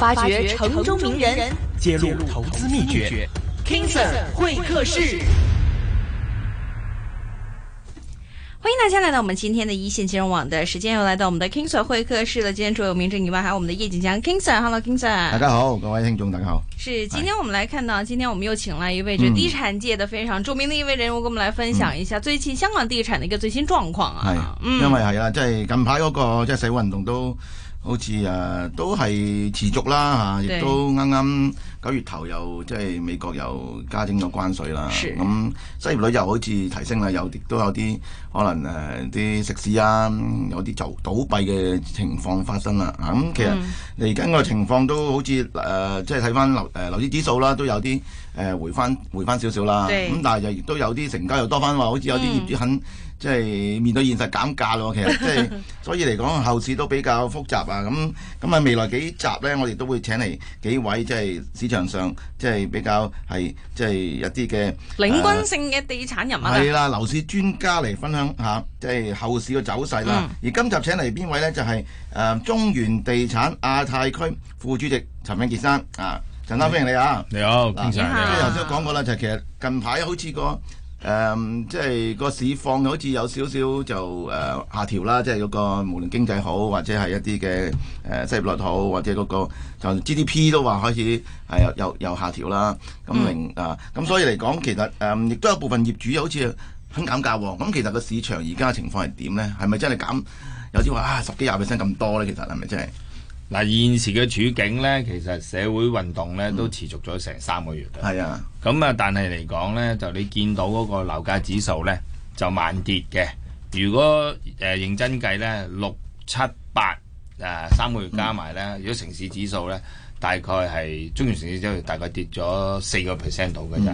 發掘城中名人，揭露投資秘訣。King Sir Sir, King Sir, 會客室，歡迎大家來到我們今天的一線金融網的時間，又來到我們的 King Sir 會客室了。今天除咗有明正以外，還有我們的葉錦江 King Sir。Hello，King Sir，大家好，各位聽眾，大家好。是，今天我們來看到，哎、今天我們又請來一位即地產界的非常著名的一位人物，嗯、跟我們來分享一下最近香港地產的一個最新狀況啊。係、嗯，嗯、因為係啊，即、就、係、是、近排嗰個即係社會運動都。都好似誒、啊、都係持續啦嚇，亦、啊、對都啱啱九月頭又即係美國又加徵咗關稅啦，咁是、嗯、失業率又好似提升啦，有啲都有啲可能誒啲、呃、食肆啊，有啲就倒閉嘅情況發生啦咁、啊嗯、其實嚟緊個情況都好似誒、呃、即係睇翻樓誒樓市指數啦，都有啲誒、呃、回翻回翻少少啦，咁對、嗯、但係就亦都有啲成交又多翻喎，好似有啲業主肯、嗯。即係面對現實減價咯，其實即係，所以嚟講後市都比較複雜啊！咁咁啊，未來幾集呢，我哋都會請嚟幾位，即係市場上即係比較係即係一啲嘅領軍性嘅地產人物啦。係啦，樓市專家嚟分享下即係後市嘅走勢啦。而今集請嚟邊位呢？就係誒中原地產亞太區副主席陳永傑生啊！陳生歡迎你啊！你好，主持人。即係頭先講過啦，就係其實近排好似個。誒，um, 即係個市況好似有少少就誒、呃、下調啦，即係嗰個無論經濟好或者係一啲嘅誒失業率好或者嗰個就 GDP 都話開始係又又下調啦。咁、嗯、明、嗯、啊，咁所以嚟講，其實誒亦、呃、都有部分業主好似肯減價喎。咁、嗯、其實個市場而家嘅情況係點呢？係咪真係減，有啲話啊十幾廿 percent 咁多呢？其實係咪真係？嗱，現時嘅處境咧，其實社會運動咧都持續咗成三個月啦。係啊，咁啊、嗯，但係嚟講咧，就你見到嗰個樓價指數咧就慢跌嘅。如果誒、呃、認真計咧，六七八誒三個月加埋咧，嗯、如果城市指數咧，大概係中原城市指數大概跌咗四個 percent 度嘅咋。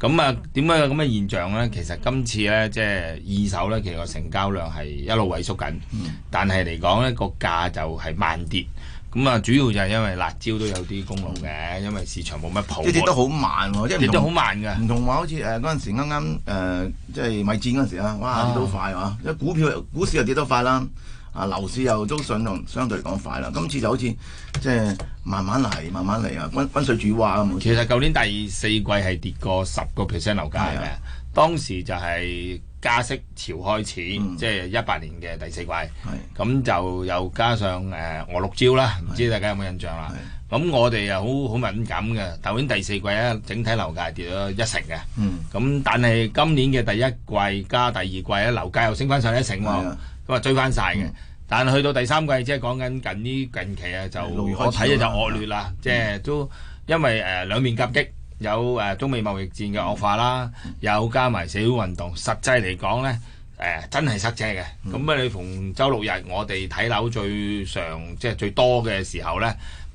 咁啊，點解有咁嘅現象咧？其實今次咧，即係二手咧，其實個成交量係一路萎縮緊，但係嚟講咧，個價就係慢跌。咁啊，主要就係因為辣椒都有啲功勞嘅，因為市場冇乜鋪。跌得好慢喎，即係跌得好慢㗎，唔同話好似誒嗰陣時啱啱誒即係米戰嗰陣時啦，哇，跌都快啊，因為股票股市又跌得快啦。啊，樓市又都上同相對嚟講快啦。今次就好似即係慢慢嚟，慢慢嚟啊。溫溫水煮話咁，其實舊年第四季係跌過十個 percent 樓價嘅，當時就係加息潮開始，即係一八年嘅第四季。係咁就又加上誒俄六招啦，唔知大家有冇印象啦？咁我哋又好好敏感嘅，舊年第四季啊，整體樓價係跌咗一成嘅。嗯，咁但係今年嘅第一季加第二季咧，樓價又升返上一成喎。咁啊追翻曬嘅，但係去到第三季，即係講緊近呢近期啊，就我睇咧就惡劣啦，即係都因為誒兩面夾擊，有誒中美貿易戰嘅惡化啦，又加埋社會運動，實際嚟講咧誒真係塞車嘅。咁啊，你逢週六日我哋睇樓最常即係最多嘅時候咧，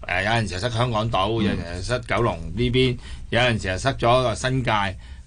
誒有陣時塞香港島，有陣時塞九龍呢邊，有陣時塞咗個新界。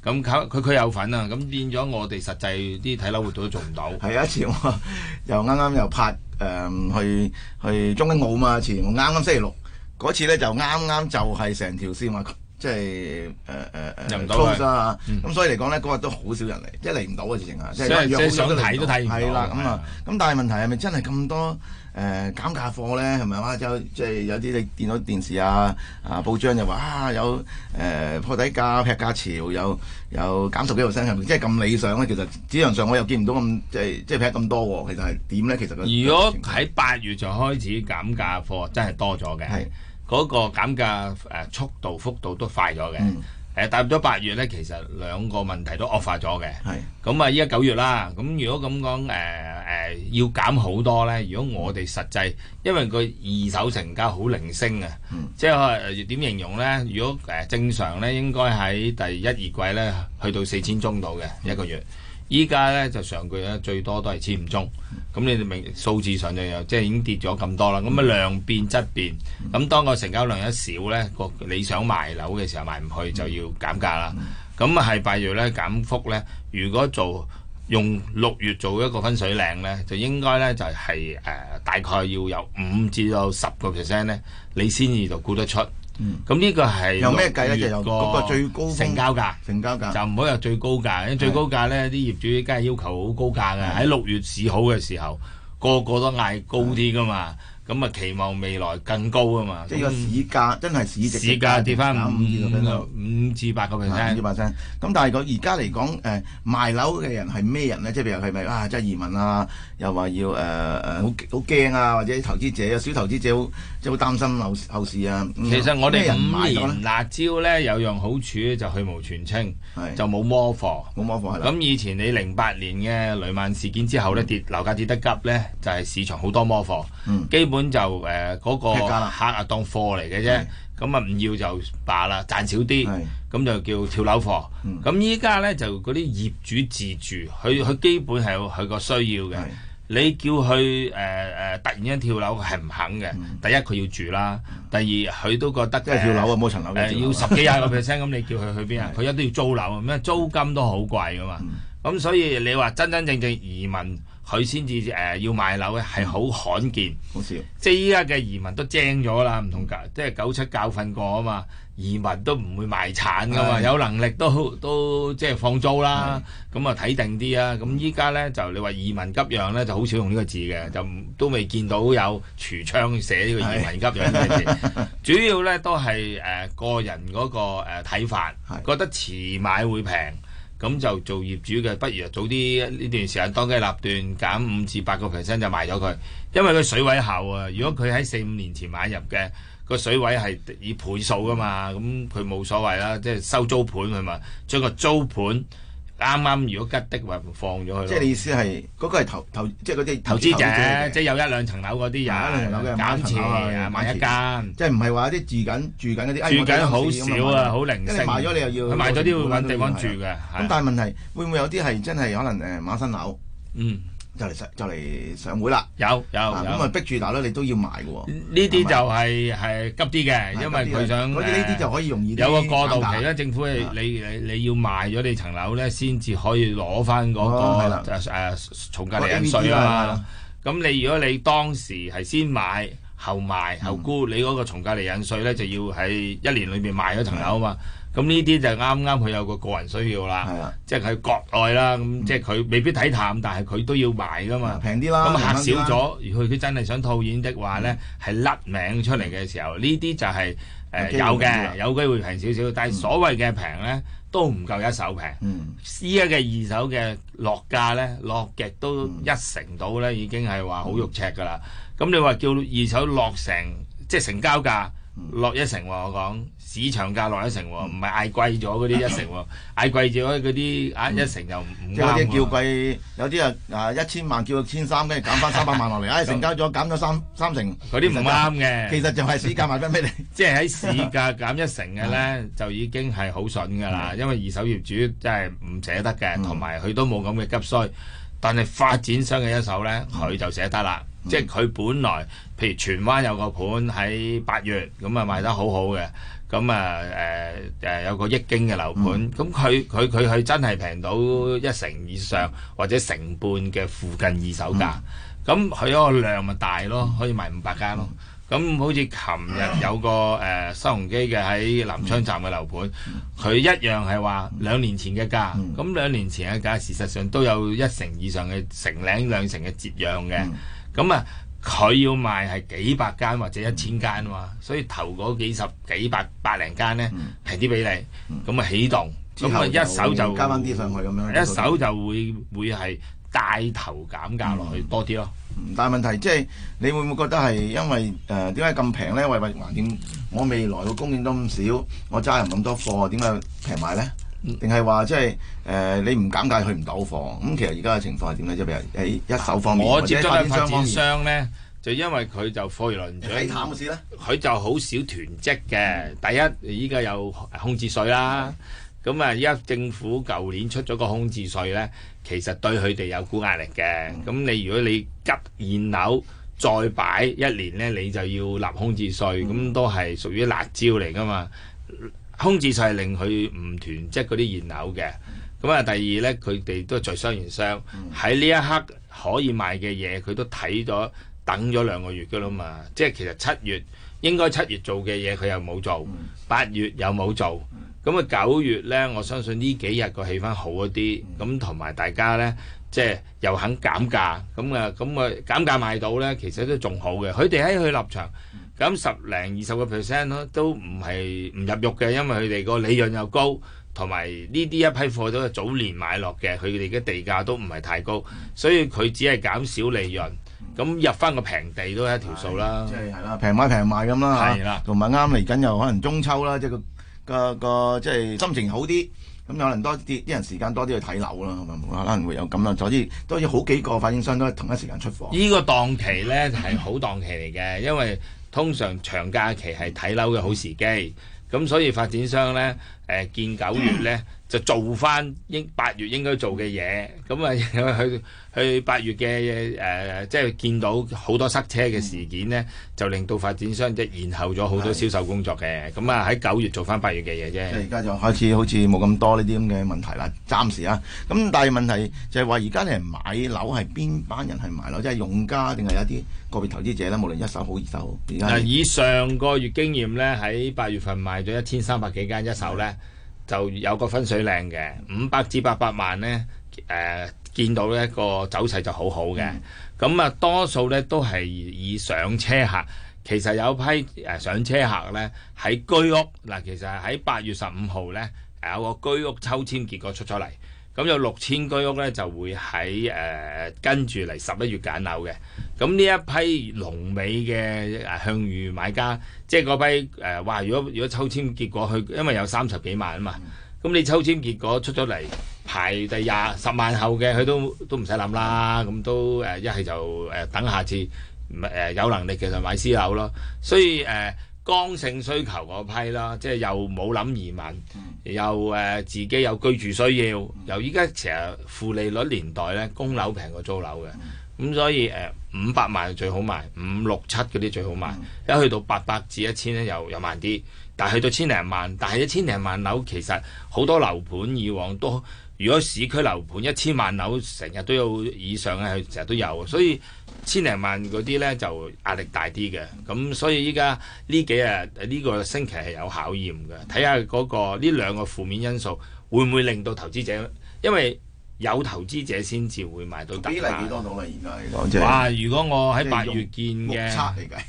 咁佢佢佢有份啊！咁變咗我哋實際啲睇樓活動都做唔到。係有一次我又啱啱又拍誒、嗯、去去中英澳嘛，次我啱啱星期六嗰次咧就啱啱就係成條線、就係呃、啊，即係誒誒誒，入唔到啊！咁、嗯、所以嚟講咧嗰日都好少人嚟，即係嚟唔到嘅事情啊，即係即係想睇都睇唔到。係啦，咁啊，咁但係問題係咪真係咁多？誒減價貨咧係咪啊？有即係有啲你見到電視啊、啊報章就話啊有誒破底價劈價潮，有有減十幾 percent 係咪？即係咁理想咧，其實理論上我又見唔到咁即係即係劈咁多喎。其實係點咧？其實如果喺八月就開始減價貨，真係多咗嘅。係嗰個減價誒速度幅度都快咗嘅。係踏入咗八月咧，其實兩個問題都惡化咗嘅。係咁啊！依家九月啦，咁如果咁講誒？誒、呃、要減好多呢。如果我哋實際，因為個二手成交好零星啊，嗯、即係點、呃、形容呢？如果誒、呃、正常呢，應該喺第一二季呢去到四千宗度嘅一個月，依家呢，就上個月呢最多都係千五宗。咁你哋明數字上就有，即係已經跌咗咁多啦。咁啊、嗯、量變質變，咁當個成交量一少呢，個你想賣樓嘅時候賣唔去，就要減價啦。咁啊係八月呢減幅呢？如果做。用六月做一個分水嶺咧，就應該咧就係、是、誒、呃、大概要有五至到十個 percent 咧，你先至就估得出。咁呢、嗯、個係六月個最高成交價，就是、成交價，成交價就唔好有最高價。因為最高價咧啲是業主梗係要求好高價嘅，喺六是月市好嘅時候，個個都嗌高啲噶嘛。是咁啊期望未來更高啊嘛！即係個市價、嗯、真係市值市價跌返五至五至八個 percent，五至八咁，但係個而家嚟講，誒、呃、賣樓嘅人係咩人咧？即係譬如係咪啊，即係移民啊？又話要誒誒，好好驚啊！或者投資者，小投資者即係會擔心後後市啊。嗯、其實我哋五年辣招咧有樣好處就去無全清，是就冇摸貨，冇摸貨咁以前你零八年嘅雷曼事件之後咧，跌、嗯、樓價跌得急咧，就係、是、市場好多摸貨，基本、嗯。本就誒嗰個客啊當貨嚟嘅啫，咁啊唔要就罷啦，賺少啲，咁就叫跳樓貨。咁依家咧就嗰啲業主自住，佢佢基本係有佢個需要嘅。你叫佢誒誒突然之間跳樓，係唔肯嘅。第一佢要住啦，第二佢都覺得跳樓啊冇層樓。誒要十幾廿個 percent，咁你叫佢去邊啊？佢一都要租樓啊，咩租金都好貴噶嘛。咁所以你話真真正正移民？佢先至誒要買樓咧，係好罕見，好少。 即係依家嘅移民都精咗啦，唔同九，即係九七教訓過啊嘛。移民都唔會賣產噶嘛，的有能力都都即係放租啦。咁啊睇定啲啊。咁依家咧就你話移民急讓咧，就好少用呢個字嘅，就都未見到有櫥窗寫呢個移民急讓嘅字。是的 主要咧都係誒、呃、個人嗰、那個睇、呃、法，覺得遲買會平。咁就做業主嘅，不如早啲呢段時間當機立斷減五至八個 percent 就賣咗佢。因為佢水位後啊，如果佢喺四五年前買入嘅個水位係以倍數㗎嘛，咁佢冇所謂啦，即係收租盤係嘛，將個租盤。啱啱如果吉的話放咗佢，即係你意思係嗰個係投投，即係啲投資者，即係有一兩層樓嗰啲人，一兩層樓嘅，減持啊，買一間，即係唔係話啲住緊住緊嗰啲，住緊好少啊，好零星，即跟住賣咗你又要，佢賣咗啲會揾地方住㗎。咁但係問題會唔會有啲係真係可能誒買新樓？嗯。就嚟上就嚟上會啦，有有咁啊！逼住嗱咧，你都要賣嘅喎。呢啲就係係急啲嘅，因為佢想嗰啲呢啲就可以容易有個過渡期咧。政府係你你你要賣咗你層樓咧，先至可以攞翻嗰個誒從價印花稅啊嘛。咁你如果你當時係先買後賣後沽，你嗰個從價印花稅咧，就要喺一年裏邊賣咗層樓啊嘛。咁呢啲就啱啱佢有個個人需要啦，即係佢國內啦，咁即係佢未必睇淡，但係佢都要買噶嘛，平啲啦。咁客少咗，如果佢真係想套現的話咧，係甩名出嚟嘅時候，呢啲就係誒有嘅，有機會平少少。但係所謂嘅平咧，都唔夠一手平。而家嘅二手嘅落價咧，落極都一成到咧，已經係話好肉赤噶啦。咁你話叫二手落成，即係成交價。落一成喎，哦，我講市場價落一成喎，哦，唔係嗌貴咗嗰啲一成喎，哦，嗌、嗯、貴咗嗰啲啊一成就唔啱喎。即係叫貴，有啲啊啊一千萬叫一千三，跟住減翻三百萬落嚟，唉，成交咗減咗三三成，嗰啲唔啱嘅。其實就係市價賣翻俾你，即係喺市價減一成嘅咧，嗯、就已經係好筍嘅啦。嗯、因為二手業主真係唔捨得嘅，同埋佢都冇咁嘅急需，但係發展商嘅一手咧，佢就捨得啦。嗯嗯即係佢本來，譬如荃灣有個盤喺八月，咁啊賣得好好嘅，咁啊誒誒、呃、有個億京嘅樓盤，咁佢佢佢佢真係平到一成以上或者成半嘅附近二手價，咁佢嗰個量咪大咯，可以賣五百間咯。咁好似琴日有個誒新鴻基嘅喺南昌站嘅樓盤，佢一樣係話兩年前嘅價，咁、嗯嗯、兩年前嘅價事實上都有一成以上嘅成兩成嘅折讓嘅。咁啊，佢、嗯、要賣係幾百間或者一千間嘛，所以頭嗰幾十幾百百零間咧平啲俾你，咁啊、嗯嗯、起動，咁啊一手就加翻啲上去咁樣一，一手就會會係帶頭減價落去、嗯、多啲咯。嗯、但係問題即係、就是、你會唔會覺得係因為誒點解咁平咧？為物環境，我未來個供應都咁少，我揸人咁多貨，點解平賣咧？定係話即係誒你唔減價，去唔到貨。咁其實而家嘅情況係點咧？即係譬如喺一手方面或者發展商咧，就因為佢就貨如輪轉，佢就好少囤積嘅。第一，依家有空置稅啦。咁啊，依家政府舊年出咗個空置稅咧，其實對佢哋有股壓力嘅。咁你如果你急現樓再擺一年咧，你就要納空置稅，咁都係屬於辣椒嚟㗎嘛。空置晒令佢唔囤，即係嗰啲現樓嘅。咁啊、嗯，第二呢，佢哋都係在商言商，喺呢、嗯、一刻可以賣嘅嘢，佢都睇咗等咗兩個月㗎啦嘛。即係其實七月應該七月做嘅嘢，佢又冇做；嗯、八月又冇做。咁啊、嗯，九月呢，我相信呢幾日個氣氛好一啲。咁同埋大家呢，即係又肯減價。咁啊、嗯，咁啊、嗯，減、嗯、價賣到呢，其實都仲好嘅。佢哋喺佢立場。咁十零二十個 percent 咯，都唔係唔入肉嘅，因為佢哋個利潤又高，同埋呢啲一批貨都係早年買落嘅，佢哋嘅地價都唔係太高，所以佢只係減少利潤。咁、嗯、入翻個平地都係一條數啦。即係係啦，平買平賣咁啦。係啦，同埋啱嚟緊又可能中秋啦，即係個個，個即係心情好啲，咁、嗯、可能多啲啲人時間多啲去睇樓啦，咁可能會有咁樣。所以當然好幾個發展商都係同一時間出貨。呢個檔期咧係好檔期嚟嘅，因為通常長假期係睇樓嘅好時機，咁所以發展商呢，誒、呃、見九月呢。嗯就做翻應八月應該做嘅嘢，咁 啊去去八月嘅誒、呃，即係見到好多塞車嘅事件呢，嗯、就令到發展商即係延後咗好多銷售工作嘅。咁啊喺九月做翻八月嘅嘢啫。而家就開始好似冇咁多呢啲咁嘅問題啦。暫時啊，咁但係問題就係話而家啲人買樓係邊班人係買樓，即係用家定係有啲個別投資者呢？無論一手好，二手好。嗱、呃，以上個月經驗呢，喺八月份賣咗一千三百幾間一手呢是。就有個分水嶺嘅五百至八百萬呢，誒、呃、見到呢個走勢就好好嘅，咁啊多數呢都係以上車客，其實有批誒上車客呢喺居屋，嗱、呃，其實喺八月十五號呢，有個居屋抽籤結果出咗嚟。咁有六千居屋咧，就會喺誒、呃、跟住嚟十一月揀樓嘅。咁呢一批龍尾嘅誒向隅買家，即係嗰批誒、呃，哇！如果如果抽籤結果佢，因為有三十幾萬啊嘛，咁你抽籤結果出咗嚟排第廿十萬後嘅，佢都都唔使諗啦。咁都誒、呃、一係就誒、呃、等下次誒、呃、有能力嘅就買私樓咯。所以誒、呃剛性需求嗰批啦，即係又冇諗移民，又誒、呃、自己有居住需要，由依家其實負利率年代咧，供樓平過租樓嘅，咁所以誒，五百萬最好賣，五六七嗰啲最好賣，一去到八百至一千咧又又慢啲，但係去到千零萬，但係一千零萬樓其實好多樓盤以往都。如果市區樓盤一千萬樓成日都有以上嘅，成日都有，所以千零萬嗰啲呢就壓力大啲嘅。咁所以依家呢幾日呢、呢個星期係有考驗嘅，睇下嗰個呢兩個負面因素會唔會令到投資者，因為有投資者先至會買到大。比例幾多到啦？而家講哇！如果我喺八月見嘅。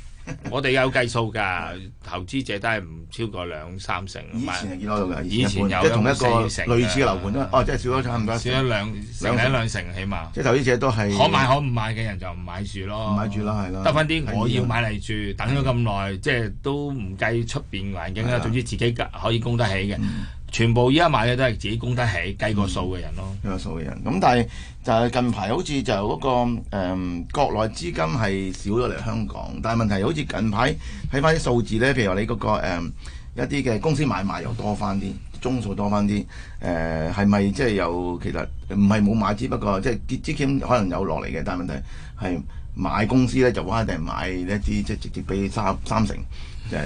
我哋有計數㗎，投資者都係唔超過兩三成。以前以前有同一個類似樓盤啦。哦，即係少咗差唔多，少咗兩少一兩成起碼。即係投資者都係可買可唔買嘅人就唔買住咯。唔買住咯，係咯。得翻啲我要買嚟住，等咗咁耐，即係都唔計出邊環境啦。總之自己可以供得起嘅。全部依家買嘅都係自己供得起計過數嘅人咯，計、嗯嗯過數嘅人。咁但係就係近排好似就嗰個誒國內資金係少咗嚟香港，但係問題好似近排睇翻啲數字咧，譬如話你嗰、嗰個、嗯、一啲嘅公司買賣又多翻啲，宗數多翻啲。誒係咪即係有？其實唔係冇買，只不過即係啲資金可能有落嚟嘅，但係問題係買公司咧就一定買一啲即係直接俾三三成。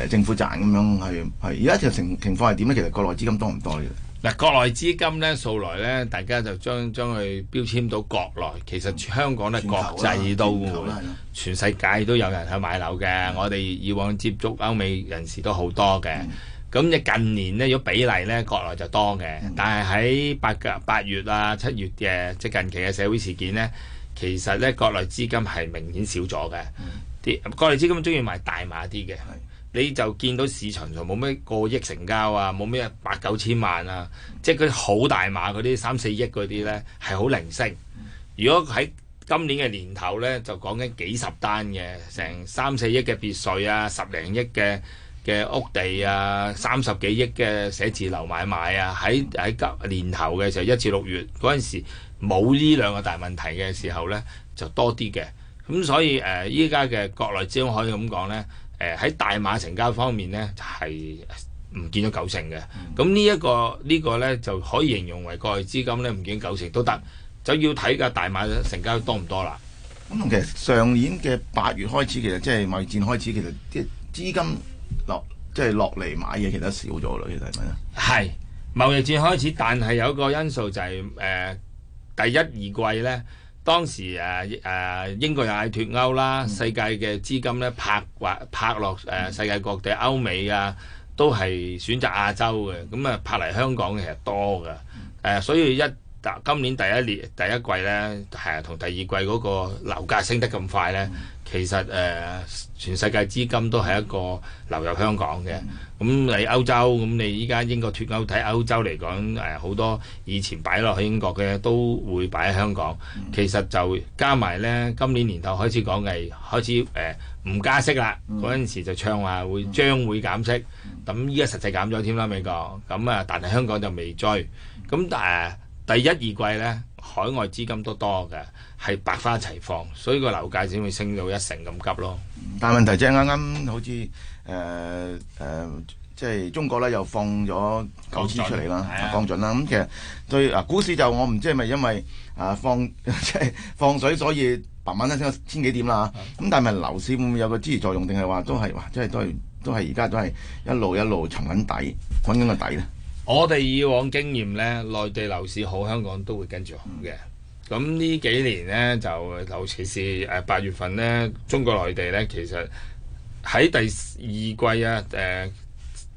政府賺咁樣係係而家條情情況係點咧？其實國內資金多唔多嘅？嗱，國內資金咧，素來咧，大家就將將佢標籤到國內，其實香港咧國際都會會全世界都有人去買樓嘅。的我哋以往接觸歐美人士都好多嘅，咁即的近年咧，如果比例咧，國內就多嘅。的但係喺八八月啊、七月嘅即係近期嘅社會事件咧，其實咧國內資金係明顯少咗嘅啲國內資金鍾意買大碼啲嘅。的你就見到市場上冇咩過億成交啊，冇咩八九千萬啊，即係佢好大碼嗰啲三四億嗰啲呢，係好零星。如果喺今年嘅年頭呢，就講緊幾十單嘅，成三四億嘅別墅啊，十零億嘅嘅屋地啊，三十幾億嘅寫字樓買賣啊，喺喺年頭嘅時候，一至六月嗰陣時冇呢兩個大問題嘅時候呢，就多啲嘅。咁所以誒，依家嘅國內資金可以咁講呢。誒喺大碼成交方面咧，就係唔見咗九成嘅。咁呢一個呢個咧，就可以形容為國外資金咧唔見九成都得，就要睇嘅大碼成交多唔多啦。咁、嗯、其實上年嘅八月開始，其實即係貿易戰開始，其實啲資金落即係落嚟買嘢，其實少咗啦。其實係咪啊？係貿易戰開始，但係有個因素就係、是、誒、呃、第一二季咧。當時誒、啊、誒、啊、英國又嗌脱歐啦，嗯、世界嘅資金咧拍滑拍落誒、呃、世界各地歐美啊，都係選擇亞洲嘅，咁啊拍嚟香港其實多㗎，誒、嗯呃、所以一今年第一年第一季咧係啊，同、呃、第二季嗰個樓價升得咁快咧。嗯嗯其實誒、呃，全世界資金都係一個流入香港嘅。咁嚟歐洲，咁你依家英國脱歐，睇歐洲嚟講誒，好、呃、多以前擺落去英國嘅都會擺喺香港。嗯、其實就加埋呢，今年年頭開始講嘅，開始誒唔、呃、加息啦。嗰陣、嗯、時就唱話會將會減息，咁依家實際減咗添啦美國。咁啊，但係香港就未追。咁誒、呃，但係第一二季呢，海外資金都多嘅。係百花齊放，所以個樓價先會升到一成咁急咯。但問題即係啱啱好似誒誒，即、呃、係、呃就是、中國咧又放咗九千出嚟啦，降準、啊、降準啦。咁、嗯嗯、其實對啊，股市就我唔知係咪因為啊放即係、就是、放水，所以慢慢咧升千幾點啦。咁、啊嗯、但係咪樓市會唔會有個支持作用，定係話都係話即係都係都係而家都係一路一路沉緊底，沉緊個底咧？我哋以往經驗咧，內地樓市好，香港都會跟住好嘅。咁呢幾年呢，就尤其是誒八月份呢，中國內地呢，其實喺第二季啊，誒、呃、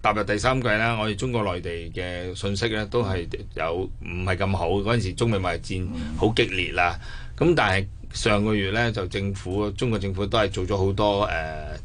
踏入第三季啦，我哋中國內地嘅信息呢，都係有唔係咁好，嗰陣時中美貿易戰好激烈啦，咁但係。上個月咧就政府，中國政府都係做咗好多誒，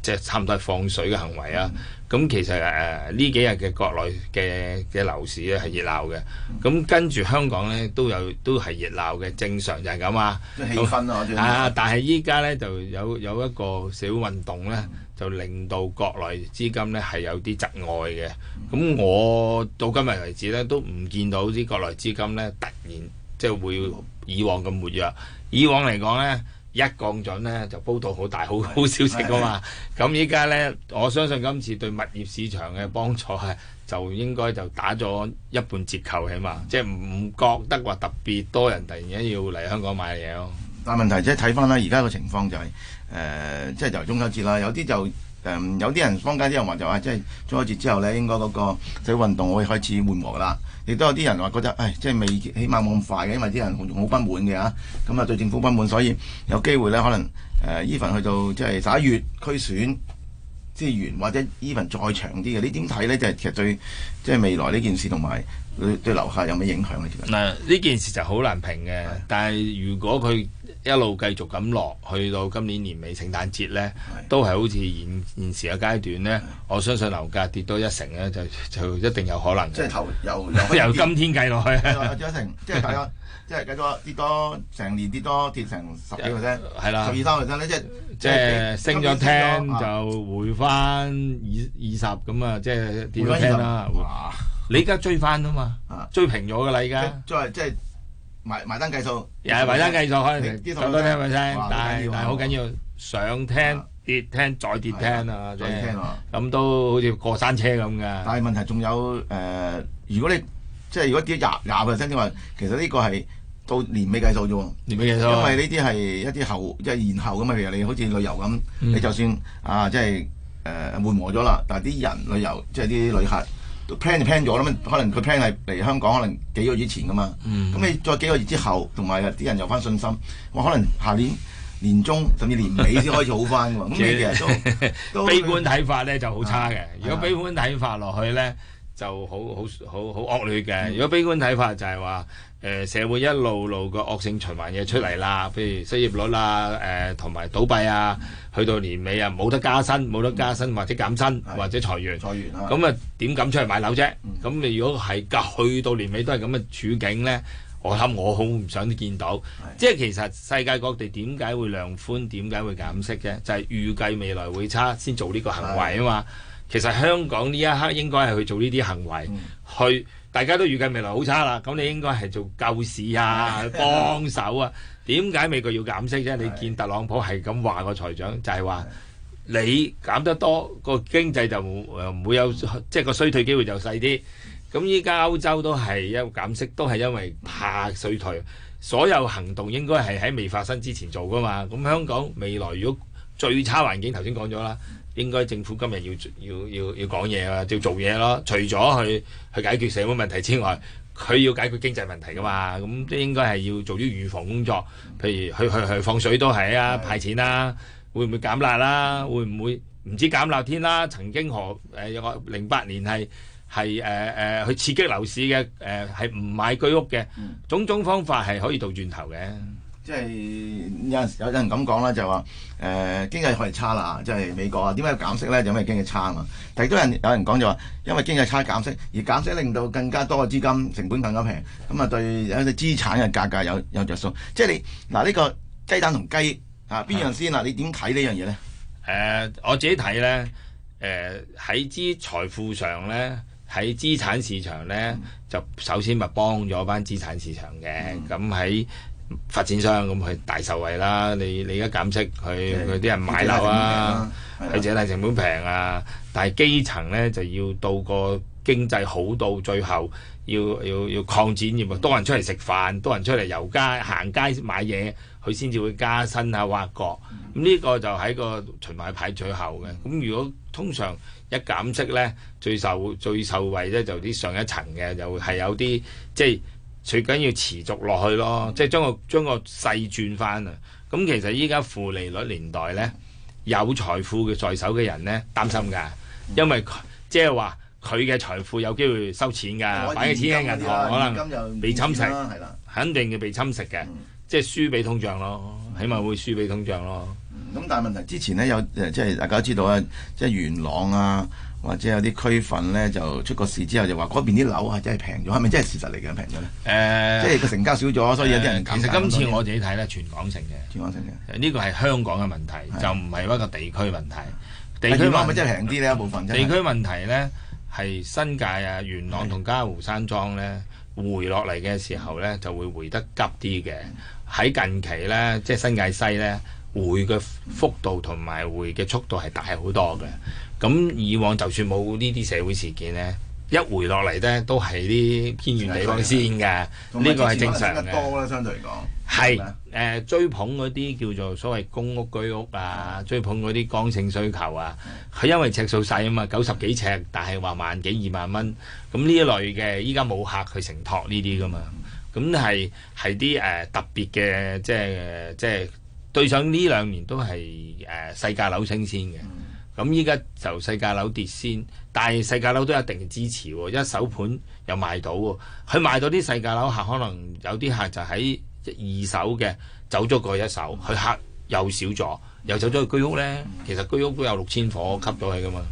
即、呃、係差唔多係放水嘅行為啊。咁、嗯嗯、其實誒呢、呃、幾日嘅國內嘅嘅樓市咧係熱鬧嘅，咁、嗯嗯、跟住香港咧都有都係熱鬧嘅，正常就係咁啊。氣氛啊，嗯、啊！但係依家咧就有有一個社會運動咧，嗯、就令到國內資金咧係有啲窒礙嘅。咁、嗯嗯、我到今日為止咧都唔見到啲國內資金咧突然。即係會以往咁活躍，以往嚟講呢，一降準呢，就煲到好大，好好少食㗎嘛。咁依家呢，我相信今次對物業市場嘅幫助係，就應該就打咗一半折扣起碼，即係唔覺得話特別多人突然間要嚟香港買嘢咯。但問題即係睇返啦，而家個情況就係、是，誒、呃，即係由中秋節啦，有啲就。誒、嗯、有啲人坊間啲人話就話，即係中咗節之後咧，應該嗰個社會運動會開始緩和啦。亦都有啲人話覺得，唉，即係未，起碼冇咁快嘅，因為啲人好不滿嘅嚇。咁啊，對政府不滿，所以有機會咧，可能誒 even、呃、去到即係十一月區選即係完，或者 even 再長啲嘅，你點睇咧？即、就、係、是、其實對即係未來呢件事同埋對對樓下有咩影響咧？嗱、嗯，呢件事就好難評嘅，的但係如果佢。一路繼續咁落去，到今年年尾聖誕節咧，都係好似現現時嘅階段咧，我相信樓價跌多一成咧，就就一定有可能嘅。即係頭由由。都由今天計落去。即係一成，即係大概，即係計多跌多成年跌多跌成十幾個 percent，係啦。十二三個 percent 咧，即係即係升咗 ten 就回翻二二十咁啊！即係跌咗 ten 啦。你而家追翻啊嘛？追平咗㗎啦，而家。再即係。埋埋單計數，又係埋單計數，可能啲數多聽唔聽，但係好緊要上聽跌聽再跌聽啊，咁都好似過山車咁嘅。但係問題仲有誒，如果你即係如果跌廿廿 percent 嘅話，其實呢個係到年尾計數啫喎。年尾計數，因為呢啲係一啲後即係延後咁嘛。譬如你好似旅遊咁，你就算啊，即係誒緩和咗啦，但係啲人旅遊即係啲旅客，plan 就 plan 咗啦，嘛，可能佢 plan 係嚟香港，可能幾個月前㗎嘛。咁、嗯、你再幾個月之後，同埋啲人有返信心，我可能下年年中甚至年尾先開始好返喎。咁 你其實都，都 悲觀睇法咧就好差嘅，啊。如果悲觀睇法落去咧，就好好好好惡劣嘅。如果悲觀睇法就係話。誒，社會一路路個惡性循環嘢出嚟啦，譬如失業率啊，誒同埋倒閉啊，去到年尾啊冇得加薪，冇得加薪或者減薪或者裁員，裁員咁，啊點敢出去買樓啫？咁你如果係去到年尾都係咁嘅處境呢？我諗我好唔想見到。嗯、即係其實世界各地點解會量寬，點解會減息啫？就係預計未來會差先做呢個行為啊嘛。嗯嗯、其實香港呢一刻應該係去做呢啲行為去。去大家都預計未來好差啦，咁你應該係做救市啊， 幫手啊？點解美國要減息啫？ 你見特朗普係咁話個財長， 就係話你減得多，個經濟就唔會有即係、就是、個衰退機會就細啲。咁依家歐洲都係一個減息，都係因為怕衰退。所有行動應該係喺未發生之前做噶嘛。咁香港未來如果最差環境，頭先講咗啦。應該政府今日要要要要講嘢啦，要做嘢咯。除咗去去解決社會問題之外，佢要解決經濟問題㗎嘛。咁都應該係要做啲預防工作，譬如去去去放水都係啊，派錢啦、啊，會唔會減辣啦、啊？會唔會唔知減辣添啦、啊？曾經何有個零八年係係誒誒去刺激樓市嘅誒，係、呃、唔買居屋嘅，種種方法係可以到轉頭嘅。即係有陣有人咁講啦，就話誒經濟可能差啦，即係美國啊，點解要減息咧？有咩經濟差啊嘛。但係都人有人講就話，因為經濟差減息，而減息令到更加多嘅資金成本更加平，咁啊對有啲資產嘅價格有有著數。即係你嗱呢個雞蛋同雞啊邊樣先嗱？你點睇呢樣嘢咧？誒我自己睇咧，誒喺資財富上咧，喺資產市場咧，就首先咪幫咗班資產市場嘅咁喺。嗯發展商咁佢大受惠啦，你你而家減息，佢啲、就是、人買樓啊，佢借貸成本平啊，係啊，但係基層呢，就要到個經濟好到最後，要要要擴展，要多人出嚟食飯，多人出嚟遊街行街買嘢，佢先至會加薪啊，挖角。咁呢、嗯、個就喺個循環排最後嘅。咁如果通常一減息呢，最受最受惠呢，就啲上一層嘅，就係有啲即係。就是。最緊要持續落去咯，即係將個將個勢轉翻啊！咁其實依家負利率年代咧，有財富嘅在手嘅人咧擔心㗎，因為即係話佢嘅財富有機會收錢㗎，擺喺、嗯、錢喺銀行可能被侵蝕，係啦、嗯，肯定要被侵蝕嘅，嗯、即係輸俾通脹咯，起碼會輸俾通脹咯。咁、嗯、但係問題之前咧有誒，即係大家知道啊，即係元朗啊。或者有啲區份咧，就出個事之後就話嗰邊啲樓啊，係真係平咗，係咪真係事實嚟嘅平咗咧？誒，呃、即係佢成交少咗，所以有啲人、呃、其實今次我自己睇咧，全港性嘅，全港性嘅。呢個係香港嘅問題，是就唔係一個地區問題。地區話咪真係平啲咧一呢部分。地區問題咧係新界啊、元朗同嘉湖山莊咧回落嚟嘅時候咧就會回得急啲嘅。喺近期咧，即係新界西咧回嘅幅度同埋回嘅速度係大好多嘅。咁以往就算冇呢啲社會事件呢，一回落嚟呢，都係啲偏遠地方先嘅，呢個係正常得多啦，相對嚟講係誒追捧嗰啲叫做所謂公屋居屋啊，追捧嗰啲剛性需求啊。佢因為尺數細啊嘛，九十幾尺，但係話萬幾二萬蚊，咁呢一類嘅依家冇客去承托呢啲㗎嘛，咁係係啲誒特別嘅，即係即係對上呢兩年都係誒細價樓升先嘅。嗯咁依家就細價樓跌先，但係細價樓都有一定支持喎，一手盤又賣到喎，佢賣到啲細價樓客，可能有啲客就喺二手嘅走咗過一手，佢客又少咗，又走咗去居屋咧。其實居屋都有六千火吸到去噶嘛。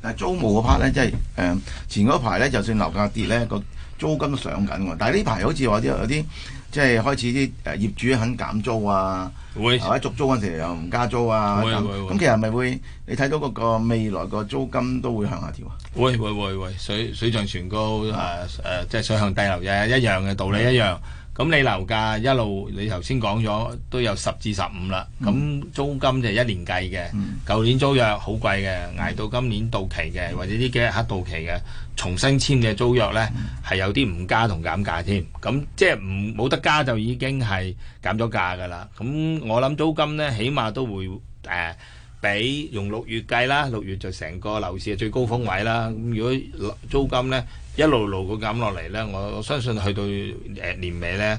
但係租務嗰 part 咧，即係誒前嗰排咧，就算樓價跌咧，個租金上緊喎。但係呢排好似話有有啲。即係開始啲誒業主肯減租啊，會或者續租嗰陣時又唔加租啊，咁其實咪會你睇到嗰個未來個租金都會向下調啊？會會會會水水漲船高誒誒，即係水向低流也一樣嘅道理一樣。咁你樓價一路，你頭先講咗都有十至十五啦。咁租金就一年計嘅，舊、嗯、年租約好貴嘅，捱到今年到期嘅，嗯、或者呢幾日嚇到期嘅，重新簽嘅租約呢，係有啲唔加同減價添。咁即係唔冇得加就已經係減咗價㗎啦。咁我諗租金呢，起碼都會誒、呃、比用六月計啦，六月就成個樓市嘅最高峰位啦。咁如果租金呢？一路路佢減落嚟咧，我相信去到誒年尾咧，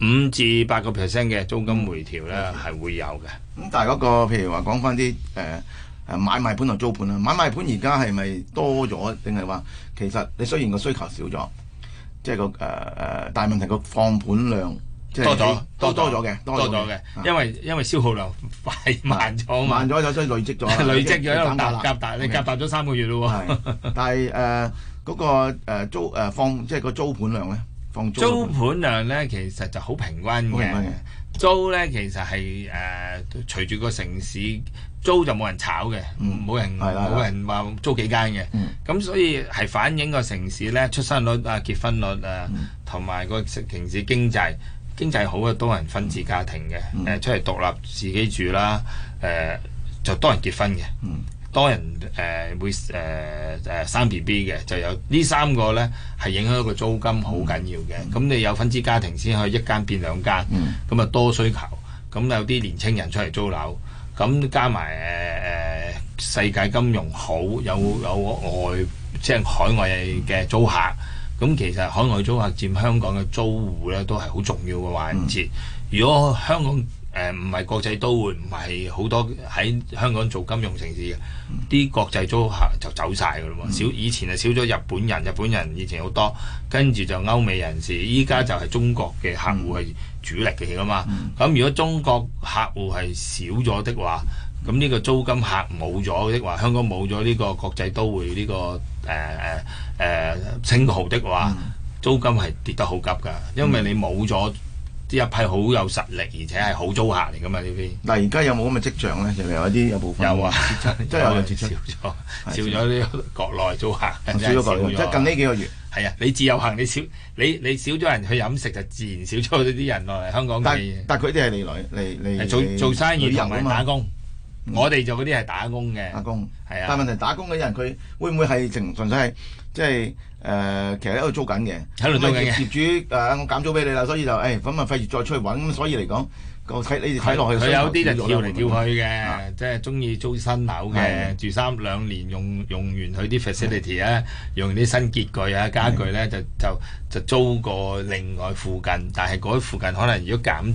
五至八個 percent 嘅租金回調咧係會有嘅。咁但係嗰個譬如話講翻啲誒誒買賣盤同租盤啦，買賣盤而家係咪多咗定係話其實你雖然個需求少咗，即係個誒誒，但係問題個放盤量即係多咗多多咗嘅多咗嘅，因為因為消耗量快慢咗慢咗，就所以累積咗累積咗夾大你夾大咗三個月咯喎。但係誒。嗰個租誒、呃、放即係個租盤量咧，放租，租盤量咧其實就好平均嘅。平均嘅。租咧其實係誒、呃、隨住個城市租就冇人炒嘅，冇、嗯、人冇的人話租幾間嘅。咁、嗯、所以係反映個城市咧出生率啊、結婚率啊，同埋、嗯、個城市經濟經濟好啊，多人分子家庭嘅誒，嗯嗯、出嚟獨立自己住啦，誒、呃、就多人結婚嘅。多人誒會誒誒生 B B 嘅，就有呢三個咧係影響一個租金好緊要嘅。咁、嗯、你有分支家庭先可以一間變兩間，咁啊、嗯、多需求。咁有啲年青人出嚟租樓，咁加埋誒誒世界金融好有、嗯、有外即係、就是、海外嘅租客。咁其實海外租客佔香港嘅租戶咧都係好重要嘅環節。嗯、如果香港，誒唔係國際都會，唔係好多喺香港做金融城市嘅，啲、嗯、國際租客就走晒噶啦，少、嗯、以前誒少咗日本人，日本人以前好多，跟住就歐美人士，依家就係中國嘅客戶係主力嘅噶嘛。咁、嗯、如果中國客戶係少咗的話，咁呢、嗯、個租金客冇咗的話，香港冇咗呢個國際都會呢、呢個誒誒誒稱號的話，嗯、租金係跌得好急噶，因為你冇咗。啲一批好有實力，而且係好租客嚟㗎嘛！有有呢邊，但而家有冇咁嘅跡象咧？就例如有啲有部分有啊，即係有少咗，少咗啲國內租客，少咗個即近呢幾個月係啊！你自由行你少你你少咗人去飲食，就自然少咗啲人落、啊、嚟香港嘅。但佢啲係嚟嚟你，你，你做做生意啲人民打工。我哋就嗰啲係打工嘅，打工係啊，但問題打工嘅人佢會唔會係純純粹係即係誒，其實喺度租緊嘅，喺度租緊嘅。業主誒，我減租俾你啦，所以就誒，咁啊，費事再出去揾。咁所以嚟講，睇你哋睇落去，佢有啲就跳嚟跳去嘅，即係中意租新樓嘅，住三兩年用用完佢啲 facility 咧，用完啲新潔具啊傢俱咧，就就就租過另外附近，但係嗰附近可能如果減。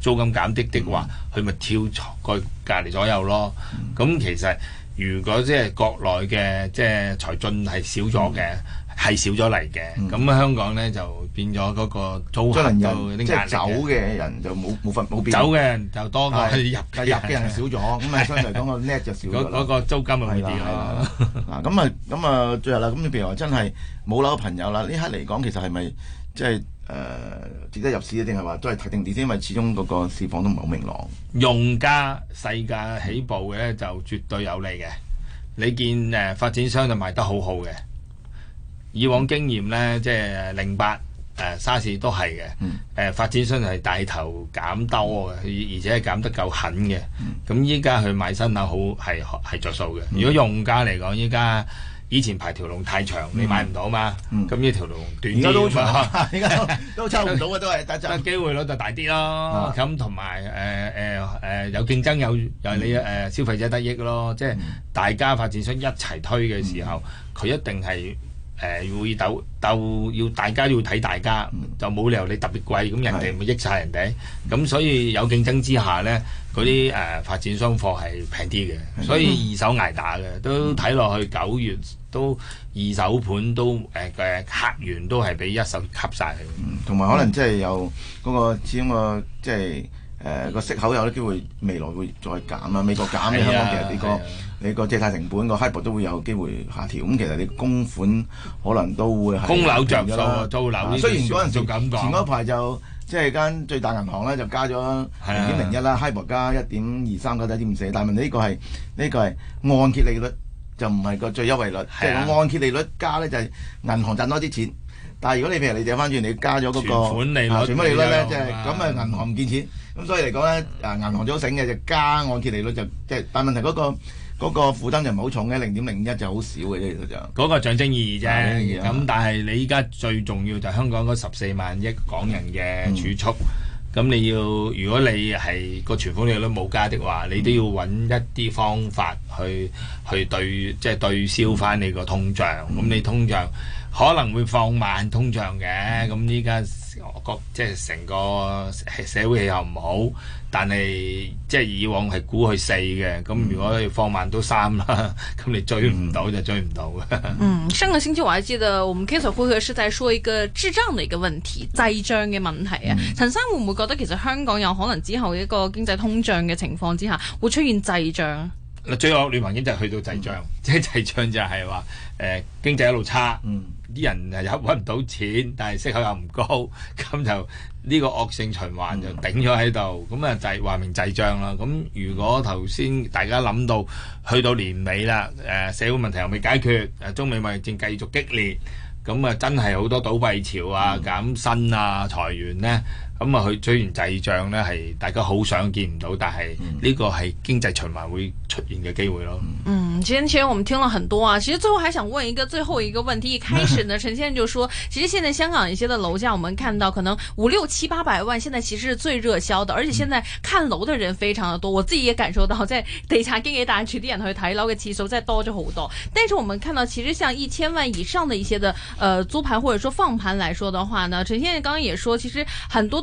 租金減啲嘅話，佢咪跳個隔離左右咯？咁其實如果即係國內嘅即係財進係少咗嘅，係少咗嚟嘅。咁香港咧就變咗嗰個租金有啲壓力。走嘅人就冇冇份冇變。走嘅人就多過入入嘅人少咗。咁啊相對嚟講，個 net 就少。嗰嗰個租金咪會跌咯。嗱咁啊咁啊，最後啦。咁你譬如話真係冇樓嘅朋友啦，呢刻嚟講其實係咪即係？誒、呃、值得入市一定係話都係睇定啲，因為始終嗰個市況都唔係好明朗。用家世界起步嘅就絕對有利嘅，你見誒、呃、發展商就賣得好好嘅。以往經驗咧，即係零八誒沙士都係嘅，誒、嗯呃、發展商係帶頭減多嘅，而且減得夠狠嘅。咁依家佢賣新樓好係係着數嘅。嗯、如果用家嚟講，依家以前排條龍太長，你買唔到嘛？咁呢條龍短咗都長，依家都都抽唔到啊，都係得就機會率就大啲咯。咁同埋誒誒誒有競爭有有你誒消費者得益咯，即係大家發展商一齊推嘅時候，佢一定係誒會鬥鬥要大家要睇大家，就冇理由你特別貴，咁人哋唔會益晒人哋。咁所以有競爭之下咧，嗰啲誒發展商貨係平啲嘅，所以二手捱打嘅都睇落去九月。都二手盤都誒嘅客源都係俾一手吸晒佢。同埋可能即係有嗰個，始終個即係誒個息口有啲機會未來會再減啊！美國減，香港其實你個你個借貸成本個 HIBOR 都會有機會下調。咁其實你供款可能都會係供樓著咗，租樓雖然嗰陣時就咁講，前嗰排就即係間最大銀行咧就加咗零點零一啦，HIBOR 加一點二三九到一點四，但係問題呢個係呢個係按揭利率。就唔係個最優惠率，即係按揭利率加咧就係銀行賺多啲錢。但係如果你譬如你借翻轉，你加咗嗰個存款利率、存款利率咧，即係咁啊，銀行唔見錢。咁所以嚟講咧，啊銀行就好醒嘅，就加按揭利率就即係，但係問題嗰個嗰個負擔就唔係好重嘅，零點零一就好少嘅啫。其實就嗰個象徵意義啫。咁但係你依家最重要就係香港嗰十四萬億港人嘅儲蓄。咁你要，如果你係、個存款利率冇加的話，你都要揾一啲方法去、嗯、去對，即、就、係、是、對消翻你個通脹。咁、嗯、你通脹可能會放慢通脹嘅。咁依家。我覺即係成個社會氣候唔好，但係即係以往係估佢四嘅，咁如果放慢都三啦，咁你追唔到就追唔到嘅。嗯，上個星期我還記得，我們 Kris 和 Hugh 是在說一個智障嘅一個問題，滯脹嘅問題啊。嗯、陳生會唔會覺得其實香港有可能之後一個經濟通脹嘅情況之下，會出現滯脹？嗱，最惡劣環境就係去到滯脹，嗯、即係滯脹就係話誒經濟一路差。嗯。啲人又揾唔到錢，但係息口又唔高，咁就呢個惡性循環就頂咗喺度，咁啊就係話明滯脹啦。咁如果頭先大家諗到去到年尾啦，誒社會問題又未解決，誒中美貿易戰繼續激烈，咁啊真係好多倒閉潮啊、減薪啊、裁員咧。咁啊，佢追完債象呢，係大家好想見唔到，但係呢個係經濟循環會出現嘅機會咯。嗯，其實其實，我們聽了很多啊，其實最後還想問一個最後一個問題。一開始呢，陳先生就說，其實現在香港一些的樓價，我們看到可能五六七八百萬，現在其實是最熱銷的，而且現在看樓的人非常的多，我自己也感受到，在地產經紀大區啲人去睇樓嘅次數真係多咗好多。但是我們看到，其實像一千萬以上的一些的，呃，租盤或者說放盤來說的話呢，陳先生剛剛也說，其實很多。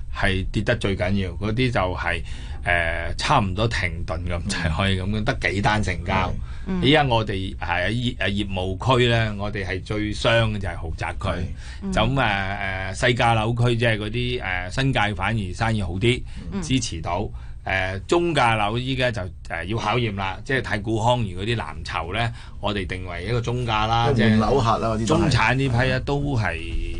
係跌得最緊要，嗰啲就係、是、誒、呃、差唔多停頓咁，嗯、就係可以咁樣得幾單成交。依家、嗯、我哋係喺業誒業務區咧，我哋係最傷嘅就係豪宅區。咁誒誒細價樓區即係嗰啲誒新界反而生意好啲，嗯、支持到誒、啊、中價樓依家就誒、啊、要考驗啦。是即係太古康怡嗰啲藍籌咧，我哋定為一個中價啦，換樓客啦，中產呢批啊都係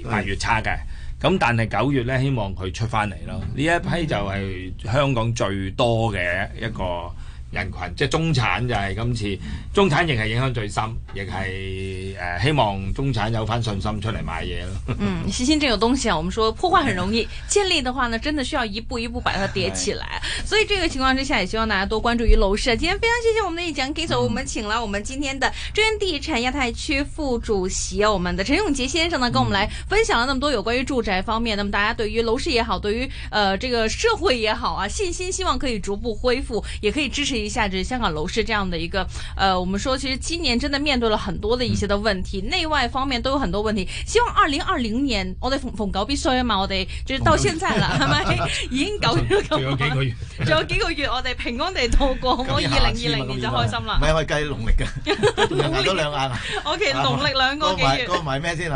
越嚟越差嘅。咁但係九月咧，希望佢出翻嚟咯。呢一批就係香港最多嘅一個。人群即係中產就係今次中產仍係影響最深，亦係誒希望中產有翻信心出嚟買嘢咯。嗯，信心真係有東西啊！我們說破壞很容易， 建立的話呢，真的需要一步一步把它疊起來。是所以這個情況之下，也希望大家多關注於樓市，啊。今天非常謝謝我們的 Angel Kato，我們請了我們今天的中原地產亞太區副主席，啊，我們的陳永傑先生呢，跟我們來分享了那麼多有關於住宅方面。嗯、那麼大家對於樓市也好，對於誒、呃、這個社會也好啊，信心希望可以逐步恢復，也可以支持。一下子香港樓市這樣的一個，呃，我們說其實今年真的面對了很多的一些的問題，內外方面都有很多問題。希望二零二零年我哋逢逢九必衰啊嘛，我哋就到現在啦，係咪？已經九咗咁，仲有幾個月？仲有幾個月我哋平安地度過？我二零二零年就開心啦。唔係我計農曆噶，兩眼都兩眼啊！我其實農曆兩個幾月？講埋咩先吓？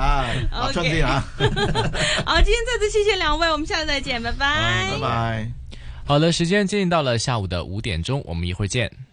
阿春先吓？阿春，再次謝謝兩位，我們下次再見，拜拜，拜拜。好的，時間接近到了下午的五點鐘，我們一會兒見。